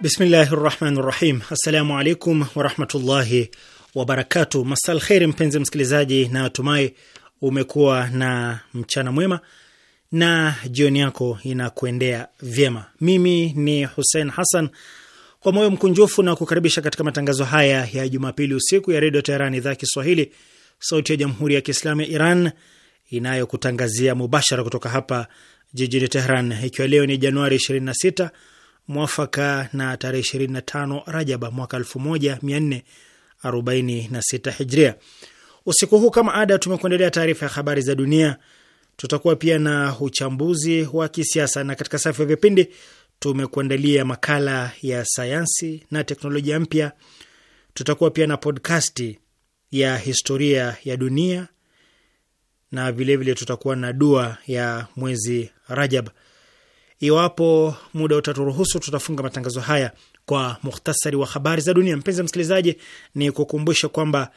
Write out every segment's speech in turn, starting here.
Bismillahi rahmani rahim. Assalamu alaikum warahmatullahi wabarakatu. Masal kheri, mpenzi msikilizaji, na tumai umekuwa na mchana mwema na jioni yako inakuendea vyema. Mimi ni Husein Hasan kwa moyo mkunjufu na kukaribisha katika matangazo haya ya Jumapili usiku ya Redio Teheran, idhaa ya Kiswahili, sauti ya Jamhuri ya Kiislamu ya Iran inayokutangazia mubashara kutoka hapa jijini Teheran, ikiwa leo ni Januari 26 mwafaka na tarehe tano Rajaba mwaka sita Hijria. Usiku huu kama ada, tumekuendelea taarifa ya habari za dunia, tutakuwa pia na uchambuzi wa kisiasa, na katika safu ya vipindi tumekuandalia makala ya sayansi na teknolojia mpya. Tutakuwa pia na podkasti ya historia ya dunia na vilevile vile tutakuwa na dua ya mwezi Rajab. Iwapo muda utaturuhusu, tutafunga matangazo haya kwa muhtasari wa habari za dunia. Mpenzi msikilizaji, ni kukumbusha kwamba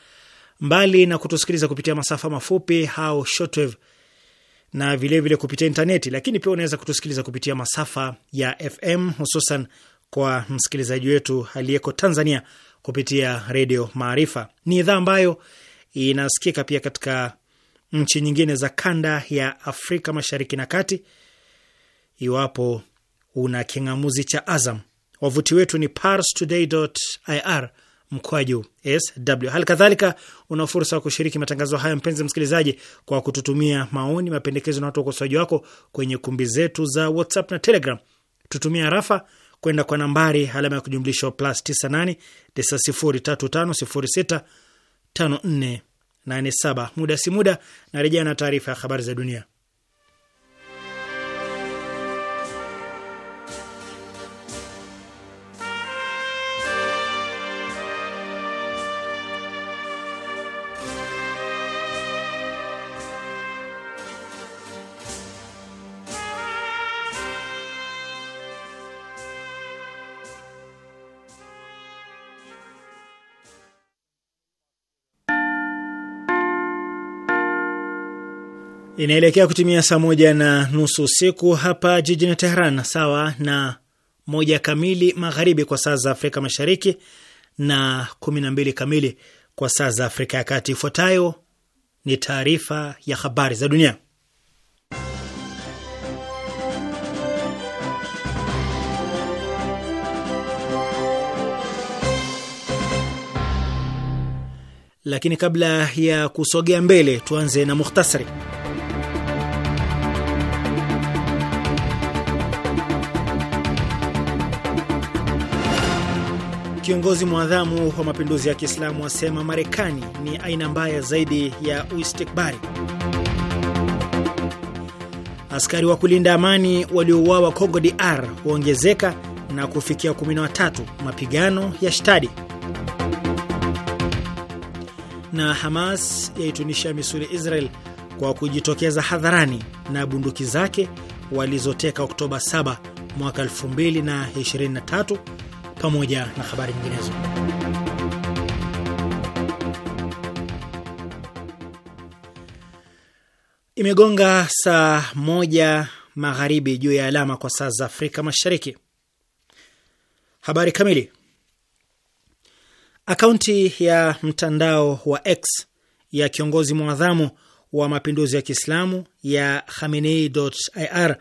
mbali na kutusikiliza kupitia masafa mafupi au shortwave na vilevile vile kupitia intaneti, lakini pia unaweza kutusikiliza kupitia masafa ya FM hususan kwa msikilizaji wetu aliyeko Tanzania kupitia Redio Maarifa. Ni idhaa ambayo inasikika pia katika nchi nyingine za kanda ya Afrika Mashariki na Kati iwapo una king'amuzi cha Azam. Wavuti wetu ni parstoday.ir mkwaju sw. Hali kadhalika una fursa ya kushiriki matangazo haya, mpenzi msikilizaji, kwa kututumia maoni, mapendekezo na watu wa ukosoaji wako kwenye kumbi zetu za WhatsApp na Telegram. Tutumia rafa kwenda kwa nambari alama ya kujumlisha plus 98 935065487. Muda si muda na rejea na taarifa ya habari za dunia. Inaelekea kutimia saa moja na nusu usiku hapa jijini Tehran, sawa na moja kamili magharibi kwa saa za Afrika Mashariki na kumi na mbili kamili kwa saa za Afrika ya Kati. Ifuatayo ni taarifa ya habari za dunia, lakini kabla ya kusogea mbele, tuanze na mukhtasari. Kiongozi mwadhamu wa mapinduzi ya Kiislamu asema Marekani ni aina mbaya zaidi ya uistikbari. Askari wa kulinda amani waliouawa Kongo DR huongezeka na kufikia 13. Mapigano ya shtadi na Hamas yaitunisha misuli Israel kwa kujitokeza hadharani na bunduki zake walizoteka Oktoba 7 mwaka 2023 pamoja na habari nyinginezo. Imegonga saa moja magharibi juu ya alama kwa saa za Afrika Mashariki. Habari kamili. Akaunti ya mtandao wa X ya kiongozi mwadhamu wa mapinduzi ya Kiislamu ya Khamenei.ir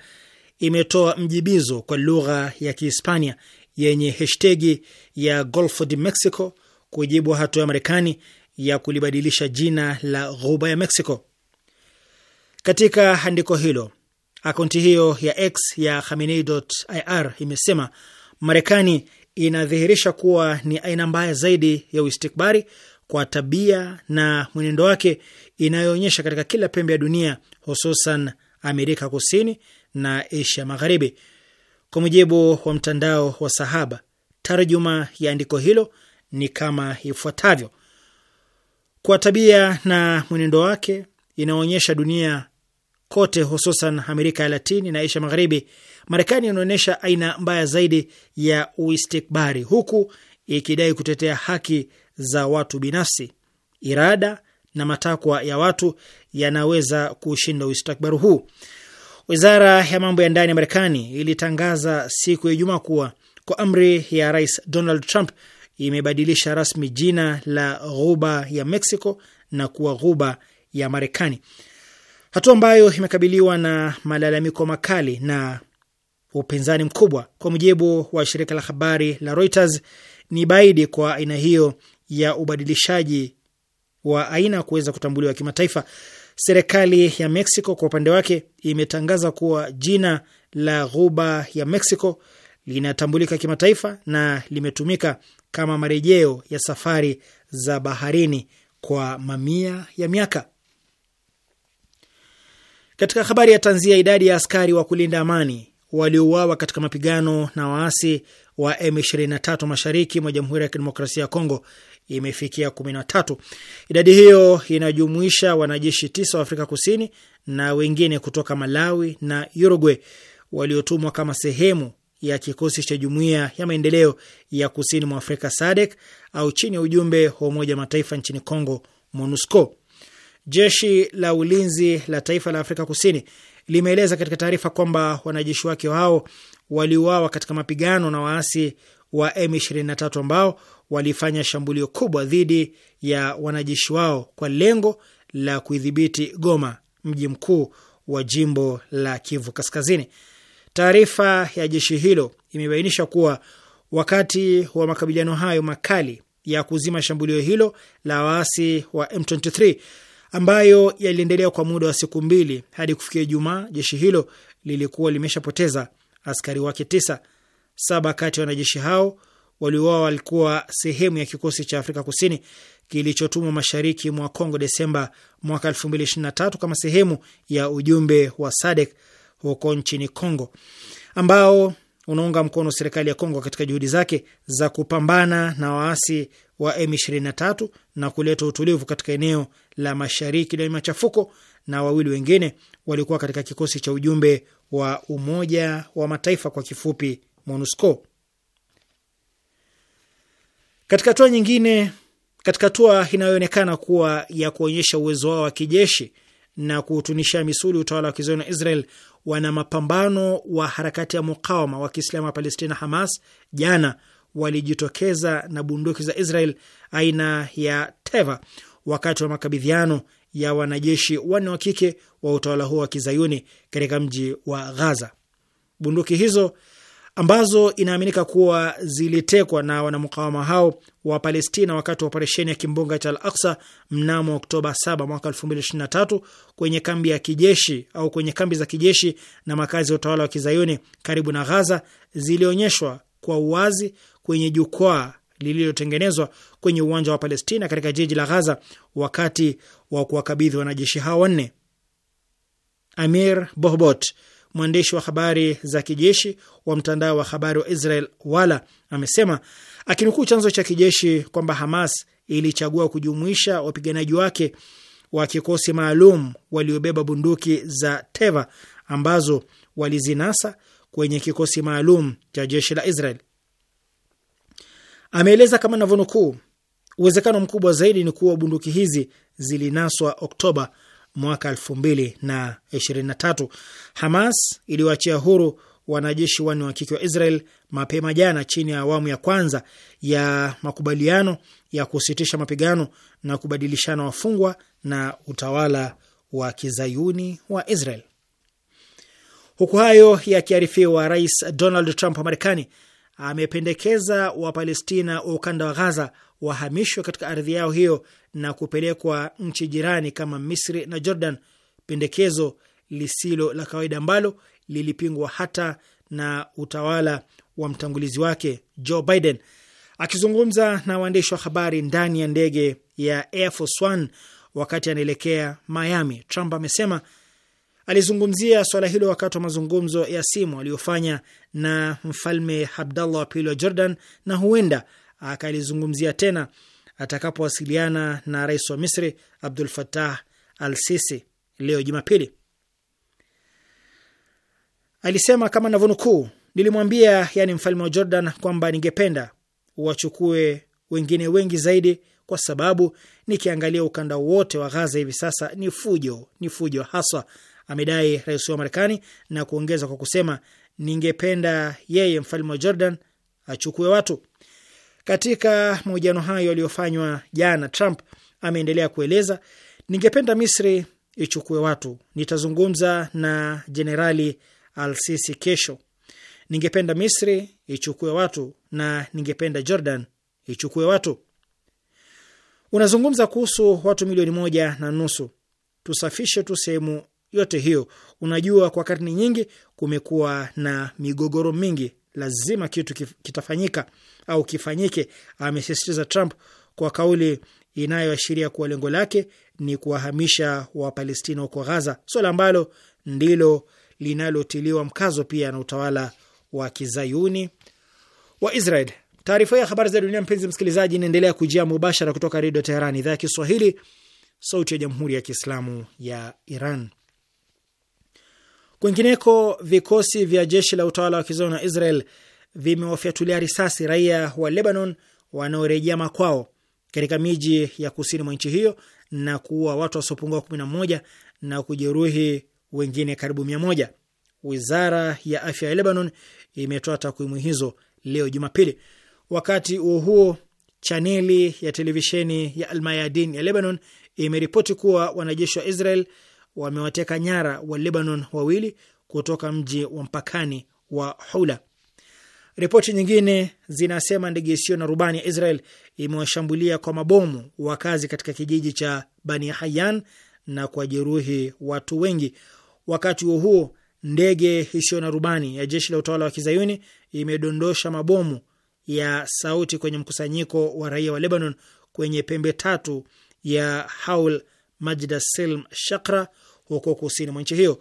imetoa mjibizo kwa lugha ya Kihispania yenye hashtegi ya Golfo de Mexico kujibu hatua ya Marekani ya kulibadilisha jina la ghuba ya Mexico. Katika andiko hilo, akaunti hiyo ya X ya Khamenei.ir imesema Marekani inadhihirisha kuwa ni aina mbaya zaidi ya uistikbari kwa tabia na mwenendo wake inayoonyesha katika kila pembe ya dunia, hususan Amerika Kusini na Asia Magharibi. Kwa mujibu wa mtandao wa Sahaba, tarjuma ya andiko hilo ni kama ifuatavyo: kwa tabia na mwenendo wake inaonyesha dunia kote, hususan Amerika ya Latini na Asia Magharibi, Marekani inaonyesha aina mbaya zaidi ya uistikbari, huku ikidai kutetea haki za watu binafsi. Irada na matakwa ya watu yanaweza kushinda uistikbari huu. Wizara ya mambo ya ndani ya Marekani ilitangaza siku ya Ijumaa kuwa kwa amri ya Rais Donald Trump imebadilisha rasmi jina la ghuba ya Mexico na kuwa ghuba ya Marekani, hatua ambayo imekabiliwa na malalamiko makali na upinzani mkubwa. Kwa mujibu wa shirika la habari la Reuters, ni baidi kwa aina hiyo ya ubadilishaji wa aina kuweza kutambuliwa kimataifa. Serikali ya Mexico kwa upande wake imetangaza kuwa jina la ghuba ya Mexico linatambulika kimataifa na limetumika kama marejeo ya safari za baharini kwa mamia ya miaka. Katika habari ya tanzia, idadi ya askari wa kulinda amani waliouawa katika mapigano na waasi wa M23 mashariki mwa Jamhuri ya Kidemokrasia ya Kongo imefikia 13. Idadi hiyo inajumuisha wanajeshi tisa wa Afrika Kusini na wengine kutoka Malawi na Uruguay waliotumwa kama sehemu ya kikosi cha Jumuiya ya Maendeleo ya Kusini mwa Afrika SADC au chini ya ujumbe wa Umoja wa Mataifa nchini Congo, MONUSCO. Jeshi la ulinzi la taifa la Afrika Kusini limeeleza katika taarifa kwamba wanajeshi wake hao waliuawa katika mapigano na waasi wa M23 ambao walifanya shambulio kubwa dhidi ya wanajeshi wao kwa lengo la kuidhibiti Goma, mji mkuu wa jimbo la Kivu Kaskazini. Taarifa ya jeshi hilo imebainisha kuwa wakati wa makabiliano hayo makali ya kuzima shambulio hilo la waasi wa M23 ambayo yaliendelea kwa muda wa siku mbili hadi kufikia Ijumaa, jeshi hilo lilikuwa limeshapoteza askari wake tisa. Saba kati ya wanajeshi hao waliouawa walikuwa sehemu ya kikosi cha Afrika Kusini kilichotumwa mashariki mwa Kongo Desemba mwaka 2023 kama sehemu ya ujumbe wa SADC huko nchini Kongo ambao unaunga mkono serikali ya Kongo katika juhudi zake za kupambana na waasi wa M23 na kuleta utulivu katika eneo la mashariki lenye machafuko, na wawili wengine walikuwa katika kikosi cha ujumbe wa Umoja wa Mataifa kwa kifupi MONUSCO. Katika hatua nyingine, katika hatua inayoonekana kuwa ya kuonyesha uwezo wao wa kijeshi na kuutunishia misuli utawala wa kizayuni wa Israel, wana mapambano wa harakati ya mukawama wa kiislamu wa Palestina, Hamas, jana walijitokeza na bunduki za Israel aina ya teva wakati wa makabidhiano ya wanajeshi wanne wa kike wa utawala huo wa kizayuni katika mji wa Ghaza. Bunduki hizo ambazo inaaminika kuwa zilitekwa na wanamukawama hao wa Palestina wakati wa operesheni ya kimbunga cha Al Aksa mnamo Oktoba 7 mwaka 2023 kwenye kambi ya kijeshi au kwenye kambi za kijeshi na makazi ya utawala wa kizayuni karibu na Ghaza zilionyeshwa kwa uwazi kwenye jukwaa lililotengenezwa kwenye uwanja wa Palestina katika jiji la Ghaza wakati wa kuwakabidhi wanajeshi hao wanne. Amir Bohbot mwandishi wa habari za kijeshi wa mtandao wa habari wa Israel Wala amesema akinukuu chanzo cha kijeshi kwamba Hamas ilichagua kujumuisha wapiganaji wake wa kikosi maalum waliobeba bunduki za teva ambazo walizinasa kwenye kikosi maalum cha jeshi la Israel. Ameeleza kama navyonukuu, uwezekano mkubwa zaidi ni kuwa bunduki hizi zilinaswa Oktoba mwaka tatu. Hamas iliwaachia huru wanajeshi wanne wa kike wa Israel mapema jana chini ya awamu ya kwanza ya makubaliano ya kusitisha mapigano na kubadilishana wafungwa na utawala wa kizayuni wa Israel. Huku hayo yakiarifiwa, Rais Donald Trump wa Marekani amependekeza Wapalestina wa ukanda wa Ghaza wahamishwe katika ardhi yao hiyo na kupelekwa nchi jirani kama Misri na Jordan, pendekezo lisilo la kawaida ambalo lilipingwa hata na utawala wa mtangulizi wake Joe Biden. Akizungumza na waandishi wa habari ndani ya ndege ya Air Force One wakati anaelekea Miami, Trump amesema alizungumzia swala hilo wakati wa mazungumzo ya simu aliyofanya na mfalme Abdallah wa pili wa Jordan, na huenda akalizungumzia tena atakapowasiliana na rais wa Misri Abdul fatah al Sisi leo Jumapili. Alisema kama navyonukuu, nilimwambia yani mfalme wa Jordan kwamba ningependa wachukue wengine wengi zaidi, kwa sababu nikiangalia ukanda wote wa Ghaza hivi sasa ni fujo, ni fujo haswa, amedai rais wa Marekani na kuongeza kwa kusema, ningependa yeye mfalme wa Jordan achukue watu katika mahojiano hayo yaliyofanywa jana, Trump ameendelea kueleza, ningependa Misri ichukue watu, nitazungumza na Jenerali Al-Sisi kesho. Ningependa Misri ichukue watu na ningependa Jordan ichukue watu. Unazungumza kuhusu watu milioni moja na nusu, tusafishe tu sehemu yote hiyo. Unajua, kwa karne nyingi kumekuwa na migogoro mingi lazima kitu kitafanyika au kifanyike, amesisitiza Trump kwa kauli inayoashiria kuwa lengo lake ni kuwahamisha Wapalestina huko Ghaza, swala ambalo ndilo linalotiliwa mkazo pia na utawala wa kizayuni wa Israel. Taarifa hii ya habari za dunia, mpenzi msikilizaji, inaendelea kujia mubashara kutoka Redio Teheran, idhaa ya Kiswahili, sauti ya jamhuri ya kiislamu ya Iran. Kwingineko, vikosi vya jeshi la utawala wa kizayuni wa Israel vimewafyatulia risasi raia wa Lebanon wanaorejea makwao katika miji ya kusini mwa nchi hiyo na kuua watu wasiopungua 11 na kujeruhi wengine karibu moja. Wizara ya afya ya Lebanon imetoa takwimu hizo leo Jumapili. Wakati huo huo, chaneli ya televisheni ya Almayadin ya Lebanon imeripoti kuwa wanajeshi wa Israel wamewateka nyara wa Lebanon wawili kutoka mji wa mpakani wa Hula. Ripoti nyingine zinasema ndege isiyo na rubani ya Israel imewashambulia kwa mabomu wakazi katika kijiji cha Bani Hayan na kuwajeruhi watu wengi. Wakati huo huo, ndege isiyo na rubani ya jeshi la utawala wa kizayuni imedondosha mabomu ya sauti kwenye mkusanyiko wa raia wa Lebanon kwenye pembe tatu ya Haul, Majda Selm, Shakra huko kusini mwa nchi hiyo.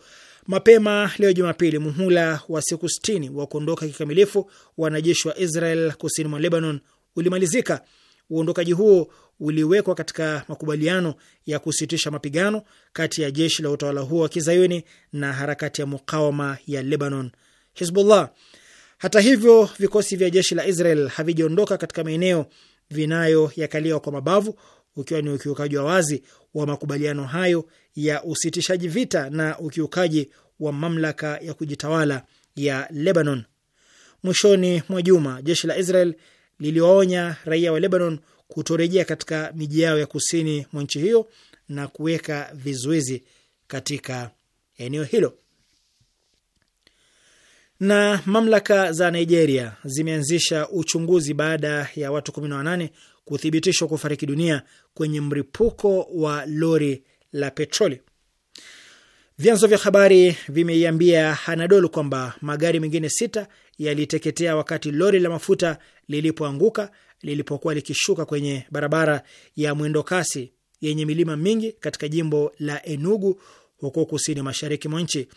Mapema leo Jumapili, muhula wa siku sitini wa kuondoka kikamilifu wanajeshi wa Israel kusini mwa Lebanon ulimalizika. Uondokaji huo uliwekwa katika makubaliano ya kusitisha mapigano kati ya jeshi la utawala huo wa kizayuni na harakati ya mukawama ya Lebanon, Hizbullah. Hata hivyo, vikosi vya jeshi la Israel havijaondoka katika maeneo vinayoyakaliwa kwa mabavu, ukiwa ni ukiukaji wa wazi wa makubaliano hayo ya usitishaji vita na ukiukaji wa mamlaka ya kujitawala ya Lebanon. Mwishoni mwa juma, jeshi la Israel liliwaonya raia wa Lebanon kutorejea katika miji yao ya kusini mwa nchi hiyo na kuweka vizuizi katika eneo hilo. Na mamlaka za Nigeria zimeanzisha uchunguzi baada ya watu kumi wanane kuthibitishwa kufariki dunia kwenye mripuko wa lori la petroli. Vyanzo vya habari vimeiambia Anadolu kwamba magari mengine sita yaliteketea wakati lori la mafuta lilipoanguka lilipokuwa likishuka kwenye barabara ya kasi yenye milima mingi katika jimbo la Enugu huko kusini mashariki mwa nchi.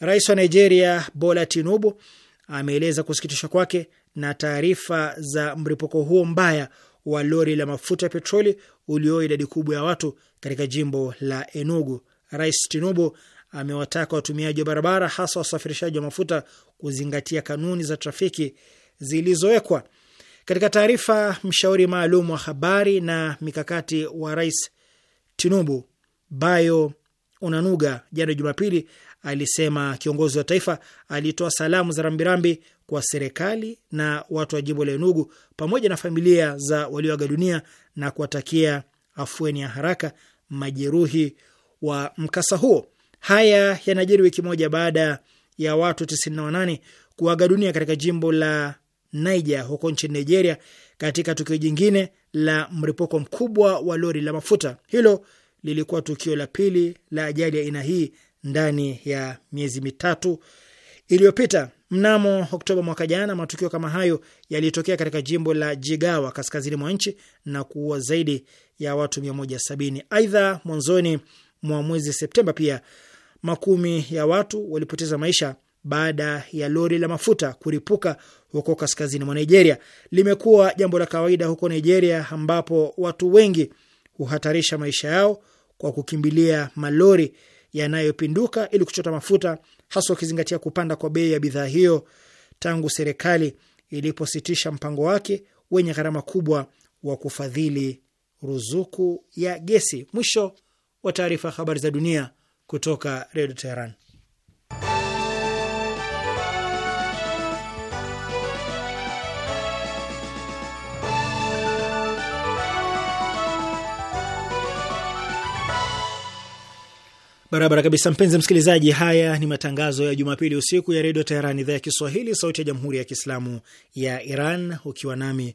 Rais wa Nigeria Bola Tinubu ameeleza kusikitishwa kwake na taarifa za mripuko huo mbaya wa lori la mafuta ya petroli ulioa idadi kubwa ya watu katika jimbo la Enugu. Rais Tinubu amewataka watumiaji wa barabara, hasa wasafirishaji wa mafuta, kuzingatia kanuni za trafiki zilizowekwa. Katika taarifa, mshauri maalum wa habari na mikakati wa rais Tinubu Bayo unanuga jana Jumapili alisema kiongozi wa taifa alitoa salamu za rambirambi kwa serikali na watu wa jimbo la Enugu pamoja na familia za walioaga dunia na kuwatakia afueni ya haraka majeruhi wa mkasa huo. Haya yanajiri wiki moja baada ya watu 98 kuaga dunia katika jimbo la Niger huko nchini Nigeria, katika tukio jingine la mlipuko mkubwa wa lori la mafuta. Hilo lilikuwa tukio la pili la ajali ya aina hii ndani ya miezi mitatu iliyopita. Mnamo Oktoba mwaka jana, matukio kama hayo yalitokea katika jimbo la Jigawa kaskazini mwa nchi na kuua zaidi ya watu 170. Aidha, mwanzoni mwa mwezi Septemba pia makumi ya watu walipoteza maisha baada ya lori la mafuta kuripuka huko kaskazini mwa Nigeria. Limekuwa jambo la kawaida huko Nigeria, ambapo watu wengi huhatarisha maisha yao kwa kukimbilia malori yanayopinduka ili kuchota mafuta hasa ukizingatia kupanda kwa bei ya bidhaa hiyo tangu serikali ilipositisha mpango wake wenye gharama kubwa wa kufadhili ruzuku ya gesi. Mwisho wa taarifa ya habari za dunia kutoka Redio Teheran. Barabara kabisa, mpenzi msikilizaji. Haya ni matangazo ya Jumapili usiku ya Redio Teheran, idhaa ya Kiswahili, sauti ya Jamhuri ya Kiislamu ya Iran, ukiwa nami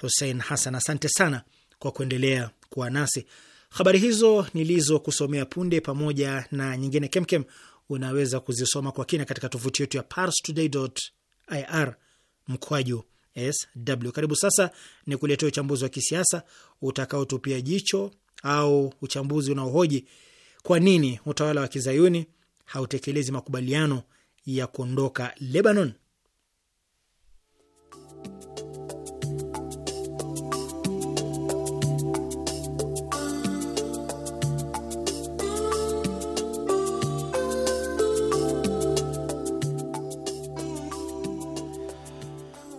Hussein Hassan. Asante sana kwa kuendelea kuwa nasi. Habari hizo nilizokusomea punde pamoja na nyingine kemkem unaweza kuzisoma kwa kina katika tovuti yetu ya parstoday.ir mkwaju sw. Karibu sasa ni kuletea uchambuzi wa kisiasa utakaotupia jicho au uchambuzi unaohoji kwa nini utawala wa kizayuni hautekelezi makubaliano ya kuondoka Lebanon?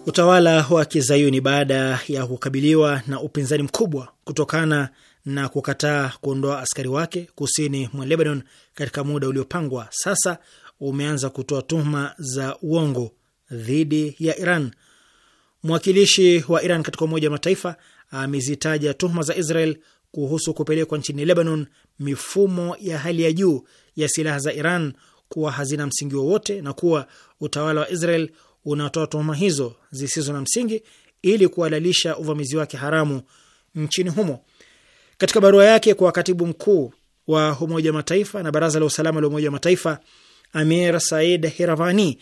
Utawala wa kizayuni baada ya kukabiliwa na upinzani mkubwa kutokana na kukataa kuondoa askari wake kusini mwa Lebanon katika muda uliopangwa, sasa umeanza kutoa tuhuma za uongo dhidi ya Iran. Mwakilishi wa Iran katika Umoja wa Mataifa amezitaja tuhuma za Israel kuhusu kupelekwa nchini Lebanon mifumo ya hali ya juu ya silaha za Iran kuwa hazina msingi wowote na kuwa utawala wa Israel unatoa tuhuma hizo zisizo na msingi ili kuhalalisha uvamizi wake haramu nchini humo. Katika barua yake kwa katibu mkuu wa Umoja Mataifa na Baraza la Usalama la Umoja wa Mataifa, Amir Said Hiravani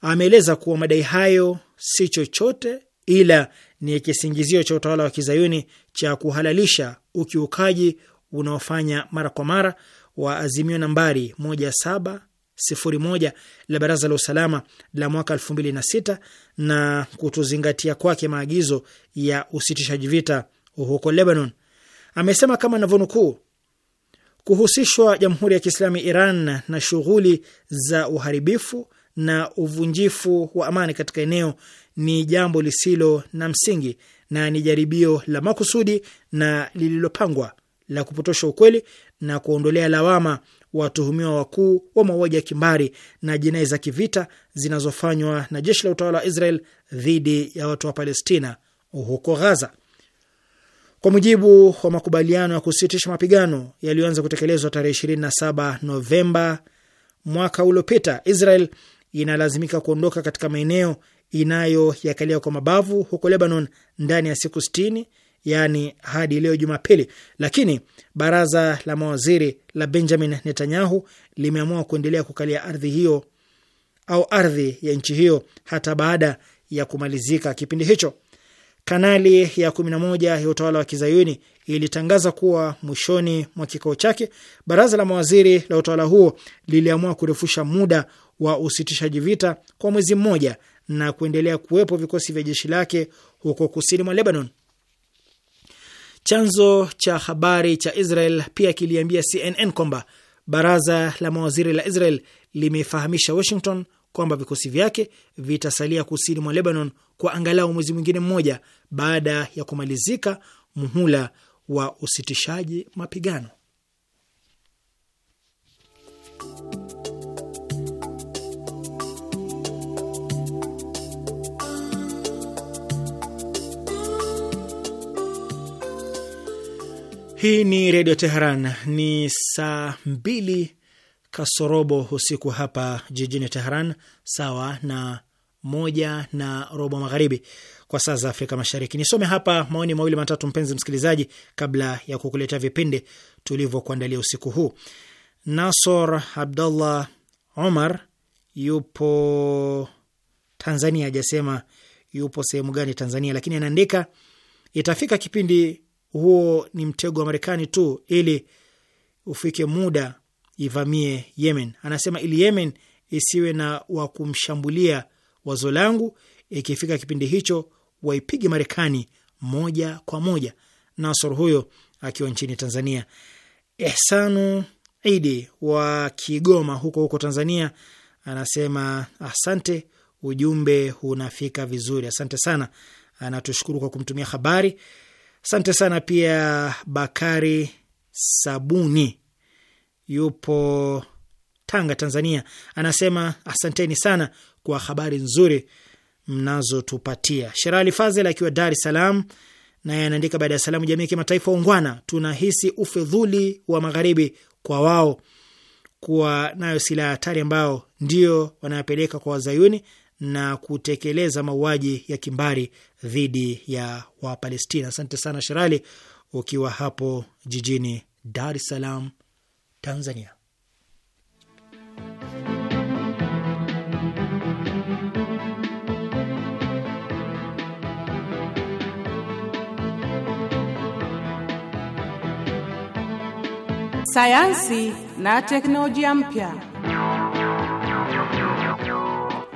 ameeleza kuwa madai hayo si chochote ila ni kisingizio cha utawala wa kizayuni cha kuhalalisha ukiukaji unaofanya mara kwa mara wa azimio nambari 1701 la Baraza la Usalama la mwaka 2006 na kutozingatia kwake maagizo ya usitishaji vita huko Lebanon. Amesema kama navyonukuu, kuhusishwa Jamhuri ya Kiislamu Iran na shughuli za uharibifu na uvunjifu wa amani katika eneo ni jambo lisilo na msingi na ni jaribio la makusudi na lililopangwa la kupotosha ukweli na kuondolea lawama watuhumiwa wakuu wa mauaji ya kimbari na jinai za kivita zinazofanywa na jeshi la utawala wa Israel dhidi ya watu wa Palestina huko Ghaza. Kwa mujibu wa makubaliano ya kusitisha mapigano yaliyoanza kutekelezwa tarehe 27 Novemba mwaka uliopita, Israel inalazimika kuondoka katika maeneo inayoyakalia kwa mabavu huko Lebanon ndani ya siku 60, yaani hadi leo Jumapili, lakini baraza la mawaziri la Benjamin Netanyahu limeamua kuendelea kukalia ardhi hiyo au ardhi ya nchi hiyo hata baada ya kumalizika kipindi hicho. Kanali ya 11 ya utawala wa kizayuni ilitangaza kuwa mwishoni mwa kikao chake baraza la mawaziri la utawala huo liliamua kurefusha muda wa usitishaji vita kwa mwezi mmoja na kuendelea kuwepo vikosi vya jeshi lake huko kusini mwa Lebanon. Chanzo cha habari cha Israel pia kiliambia CNN kwamba baraza la mawaziri la Israel limefahamisha Washington kwamba vikosi vyake vitasalia kusini mwa Lebanon kwa angalau mwezi mwingine mmoja baada ya kumalizika muhula wa usitishaji mapigano. Hii ni Redio Teheran. Ni saa mbili kasorobo usiku hapa jijini Tehran, sawa na moja na robo magharibi kwa saa za Afrika Mashariki. Nisome hapa maoni mawili matatu, mpenzi msikilizaji, kabla ya kukuletea vipindi tulivyokuandalia usiku huu. Nasor abdullah Omar yupo Tanzania, ajasema yupo sehemu gani Tanzania, lakini anaandika itafika kipindi huo ni mtego wa Marekani tu ili ufike muda ivamie Yemen. Anasema ili Yemen isiwe na wa kumshambulia wazo langu, ikifika kipindi hicho waipige Marekani moja kwa moja. Nasor huyo akiwa nchini Tanzania. Ehsanu Idi wa Kigoma huko huko Tanzania anasema asante, ujumbe unafika vizuri, asante sana. Anatushukuru kwa kumtumia habari, asante sana pia. Bakari Sabuni yupo Tanga, Tanzania, anasema asanteni sana kwa habari nzuri mnazotupatia. Sherali Fazel akiwa Dar es Salaam naye anaandika, baada ya salamu, jamii ya kimataifa ungwana, tunahisi ufedhuli wa magharibi kwa wao kuwa nayo silaha hatari ambao ndio wanayopeleka kwa wazayuni na kutekeleza mauaji ya kimbari dhidi ya Wapalestina. Asante sana Sherali, ukiwa hapo jijini Dar es Salaam, Tanzania. Sayansi na teknolojia mpya.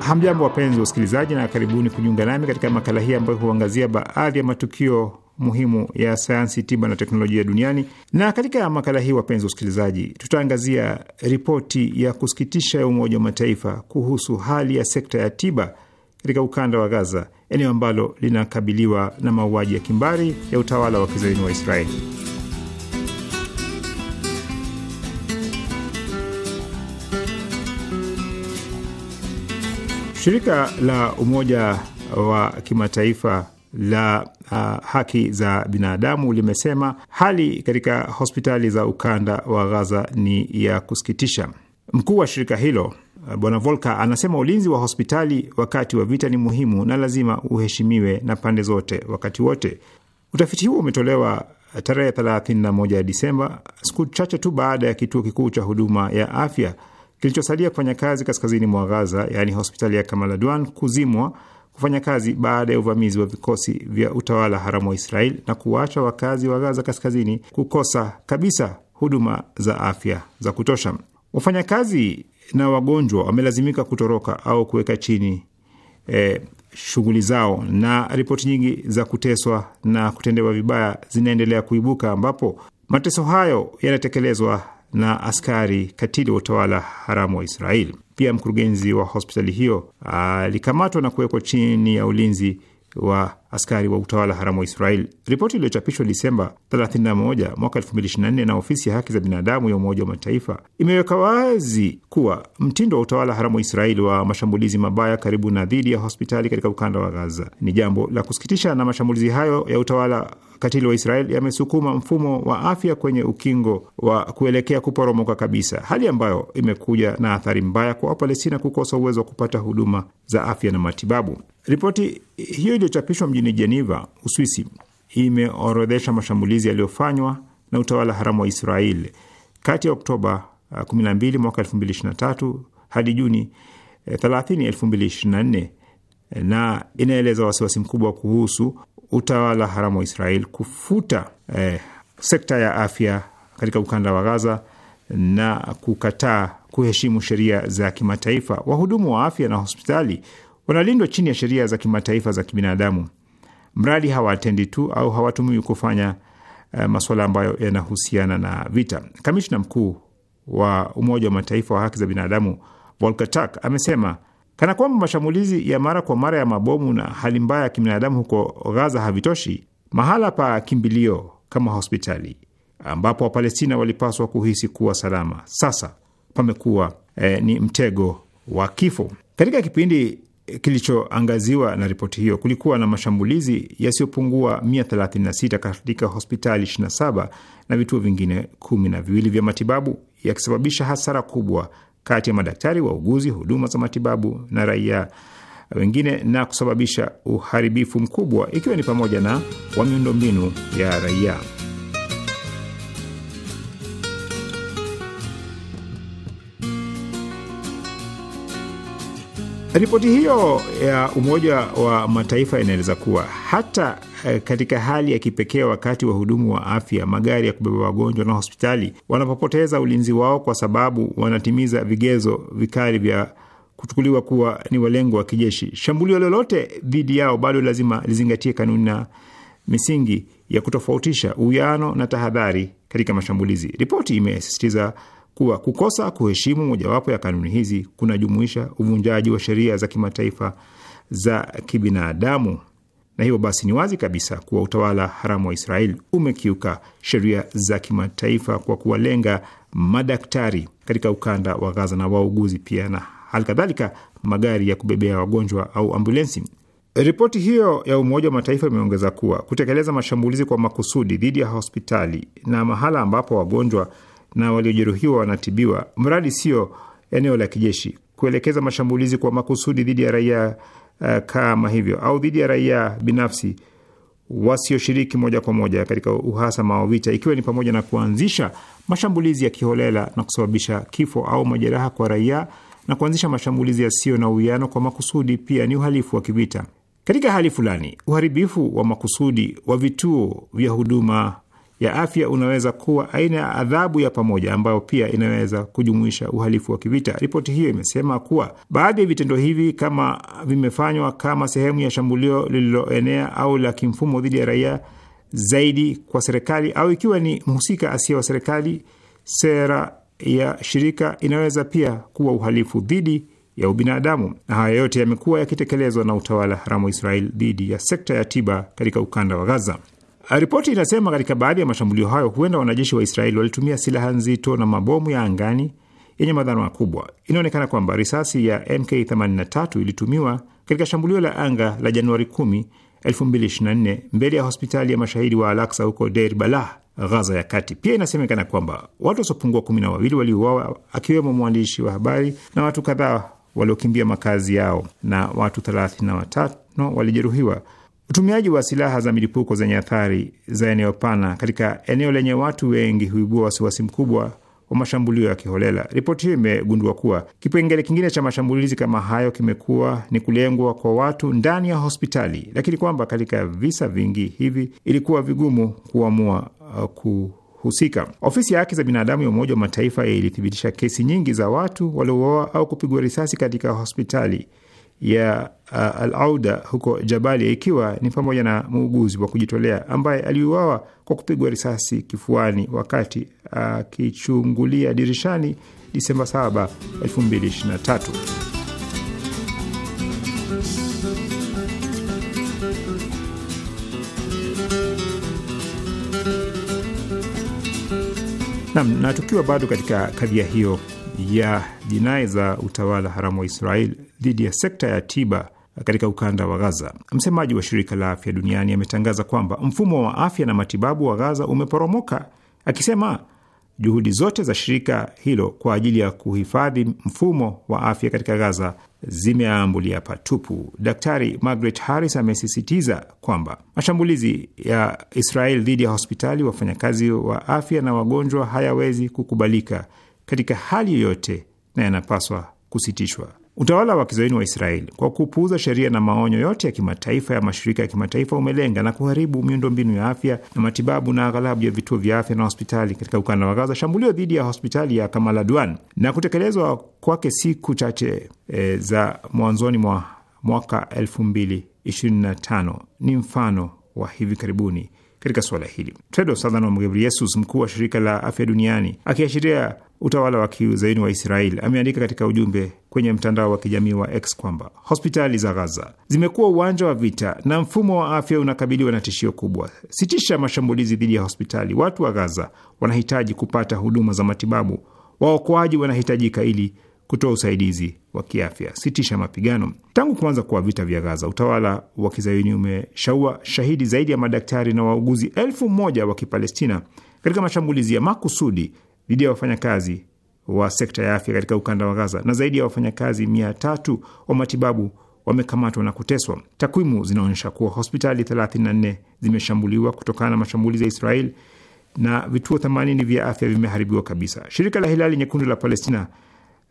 Hamjambo wapenzi wa usikilizaji, na karibuni kujiunga nami katika makala hii ambayo huangazia baadhi ya matukio muhimu ya sayansi tiba na teknolojia duniani. Na katika makala hii, wapenzi wa usikilizaji tutaangazia ripoti ya kusikitisha ya Umoja wa Mataifa kuhusu hali ya sekta ya tiba katika ukanda wa Gaza, eneo ambalo linakabiliwa na mauaji ya kimbari ya utawala wa kizaini wa Israeli. Shirika la Umoja wa Kimataifa la uh, haki za binadamu limesema hali katika hospitali za ukanda wa Gaza ni ya kusikitisha. Mkuu wa shirika hilo ah, Bwana Volka anasema ulinzi wa hospitali wakati wa vita ni muhimu na lazima uheshimiwe na pande zote wakati wote. Utafiti huo umetolewa ah, tarehe 31 Disemba, siku chache tu baada ya kituo kikuu cha huduma ya afya kilichosalia kufanya kazi kaskazini mwa Gaza, yaani hospitali ya Kamaladwan kuzimwa kufanya kazi baada ya uvamizi wa vikosi vya utawala haramu wa Israel na kuwaacha wakazi wa Gaza kaskazini kukosa kabisa huduma za afya za kutosha. Wafanyakazi na wagonjwa wamelazimika kutoroka au kuweka chini eh, shughuli zao, na ripoti nyingi za kuteswa na kutendewa vibaya zinaendelea kuibuka, ambapo mateso hayo yanatekelezwa na askari katili wa utawala haramu wa Israeli. Pia mkurugenzi wa hospitali hiyo alikamatwa na kuwekwa chini ya ulinzi wa askari wa utawala haramu wa Israel. Ripoti iliyochapishwa Disemba 31 mwaka 2024 na ofisi ya haki za binadamu ya Umoja wa Mataifa imeweka wazi kuwa mtindo wa utawala haramu wa Israeli wa mashambulizi mabaya karibu na dhidi ya hospitali katika ukanda wa Gaza ni jambo la kusikitisha, na mashambulizi hayo ya utawala katili wa Israel yamesukuma mfumo wa afya kwenye ukingo wa kuelekea kuporomoka kabisa, hali ambayo imekuja na athari mbaya kwa Wapalestina kukosa uwezo wa kupata huduma za afya na matibabu. Ripoti hiyo iliyochapishwa mjini Jeneva, Uswisi, imeorodhesha mashambulizi yaliyofanywa na utawala haramu wa Israel kati ya Oktoba 12 uh, mwaka 2023 hadi Juni 30, uh, 2024 na inaeleza wasiwasi mkubwa kuhusu utawala haramu wa Israel kufuta eh, sekta ya afya katika ukanda wa Gaza na kukataa kuheshimu sheria za kimataifa. Wahudumu wa afya na hospitali wanalindwa chini ya sheria za kimataifa za kibinadamu, mradi hawatendi tu au hawatumii kufanya uh, masuala ambayo yanahusiana na vita. Kamishna mkuu wa Umoja wa Mataifa wa haki za binadamu Volker Turk amesema kana kwamba mashambulizi ya mara kwa mara ya mabomu na hali mbaya ya kibinadamu huko Gaza havitoshi, mahala pa kimbilio kama hospitali ambapo Wapalestina walipaswa kuhisi kuwa salama, sasa pamekuwa eh, ni mtego wa kifo. Katika kipindi kilichoangaziwa na ripoti hiyo, kulikuwa na mashambulizi yasiyopungua 136 katika hospitali 27 na vituo vingine kumi na viwili vya matibabu yakisababisha hasara kubwa kati ya madaktari, wauguzi, huduma za matibabu na raia wengine na kusababisha uharibifu mkubwa ikiwa ni pamoja na wa miundombinu ya raia. Ripoti hiyo ya Umoja wa Mataifa inaeleza kuwa hata eh, katika hali ya kipekee, wakati wahudumu wa afya, magari ya kubeba wagonjwa na hospitali wanapopoteza ulinzi wao kwa sababu wanatimiza vigezo vikali vya kuchukuliwa kuwa ni walengo wa kijeshi, shambulio lolote dhidi yao bado lazima lizingatie kanuni na misingi ya kutofautisha, uwiano na tahadhari katika mashambulizi. Ripoti imesisitiza kuwa kukosa kuheshimu mojawapo ya kanuni hizi kunajumuisha uvunjaji wa sheria za kimataifa za kibinadamu, na hivyo basi ni wazi kabisa kuwa utawala haramu wa Israeli umekiuka sheria za kimataifa kwa kuwalenga madaktari katika ukanda wa Gaza na wauguzi pia na hali kadhalika magari ya kubebea wagonjwa au ambulensi. Ripoti hiyo ya Umoja wa Mataifa imeongeza kuwa kutekeleza mashambulizi kwa makusudi dhidi ya hospitali na mahala ambapo wagonjwa na waliojeruhiwa wanatibiwa, mradi sio eneo la kijeshi. Kuelekeza mashambulizi kwa makusudi dhidi ya raia uh, kama hivyo au dhidi ya raia binafsi wasioshiriki moja kwa moja katika uhasama wa vita, ikiwa ni pamoja na kuanzisha mashambulizi ya kiholela na kusababisha kifo au majeraha kwa raia na kuanzisha mashambulizi yasiyo na uwiano kwa makusudi, pia ni uhalifu wa kivita. Katika hali fulani, uharibifu wa makusudi wa vituo vya huduma ya afya unaweza kuwa aina ya adhabu ya pamoja ambayo pia inaweza kujumuisha uhalifu wa kivita. Ripoti hiyo imesema kuwa baadhi ya vitendo hivi kama vimefanywa kama sehemu ya shambulio lililoenea au la kimfumo dhidi ya raia zaidi kwa serikali au ikiwa ni mhusika asiye wa serikali, sera ya shirika inaweza pia kuwa uhalifu dhidi ya ubinadamu. Na haya yote yamekuwa yakitekelezwa na utawala haramu wa Israel dhidi ya sekta ya tiba katika ukanda wa Gaza. Uh, ripoti inasema katika baadhi ya mashambulio hayo huenda wanajeshi wa Israeli walitumia silaha nzito na mabomu ya angani yenye madhara makubwa. Inaonekana kwamba risasi ya MK83 ilitumiwa katika shambulio la anga la Januari 10, 2024 mbele ya hospitali ya mashahidi wa Alaksa huko Deir Balah, Ghaza ya kati. Pia inasemekana kwamba watu wasiopungua kumi na wawili waliuawa akiwemo mwandishi wa habari na watu kadhaa waliokimbia makazi yao na watu thelathini walijeruhiwa. Utumiaji wa silaha za milipuko zenye athari za eneo pana katika eneo lenye watu wengi huibua wasiwasi mkubwa wa mashambulio ya kiholela. Ripoti hiyo imegundua kuwa kipengele kingine cha mashambulizi kama hayo kimekuwa ni kulengwa kwa watu ndani ya hospitali, lakini kwamba katika visa vingi hivi ilikuwa vigumu kuamua uh, ku husika. Ofisi ya haki za binadamu ya Umoja wa Mataifa ilithibitisha kesi nyingi za watu waliouawa au kupigwa risasi katika hospitali ya uh, Alauda huko jabali ikiwa ni pamoja na muuguzi wa kujitolea ambaye aliuawa kwa kupigwa risasi kifuani wakati akichungulia uh, dirishani Disemba 7, 2023. Na, na tukiwa bado katika kadhia hiyo ya jinai za utawala haramu wa Israel dhidi ya sekta ya tiba katika ukanda wa Gaza. Msemaji wa shirika la afya duniani ametangaza kwamba mfumo wa afya na matibabu wa Gaza umeporomoka, akisema juhudi zote za shirika hilo kwa ajili ya kuhifadhi mfumo wa afya katika Gaza zimeambulia patupu. Daktari Margaret Harris amesisitiza kwamba mashambulizi ya Israel dhidi ya hospitali, wafanyakazi wa afya na wagonjwa hayawezi kukubalika katika hali yoyote na yanapaswa kusitishwa. Utawala wa kizayuni wa Israeli kwa kupuuza sheria na maonyo yote ya kimataifa ya mashirika ya kimataifa umelenga na kuharibu miundombinu ya afya na matibabu na aghalabu ya vituo vya afya na hospitali katika ukanda wa Gaza. Shambulio dhidi ya hospitali ya Kamal na kutekelezwa kwake siku chache e, za mwanzoni mwa mwaka 2025 ni mfano wa hivi karibuni katika suala hili. Tedros Adhanom Ghebreyesus, mkuu wa shirika la afya duniani, akiashiria utawala wa kiuzaini wa Israel ameandika katika ujumbe kwenye mtandao wa kijamii wa X kwamba hospitali za Gaza zimekuwa uwanja wa vita na mfumo wa afya unakabiliwa na tishio kubwa. Sitisha mashambulizi dhidi ya hospitali. Watu wa Gaza wanahitaji kupata huduma za matibabu. Waokoaji wanahitajika ili kutoa usaidizi wa kiafya. Sitisha mapigano. Tangu kuanza kwa vita vya Gaza, utawala wa kizayuni umeshaua shahidi zaidi ya madaktari na wauguzi elfu moja wa Kipalestina katika mashambulizi ya makusudi dhidi ya wafanyakazi wa sekta ya afya katika ukanda wa Gaza, na zaidi ya wafanyakazi mia tatu wa matibabu wamekamatwa na kuteswa. Takwimu zinaonyesha kuwa hospitali 34 zimeshambuliwa kutokana na mashambulizi ya Israeli na vituo 80 vya afya vimeharibiwa kabisa. Shirika la Hilali Nyekundu la Palestina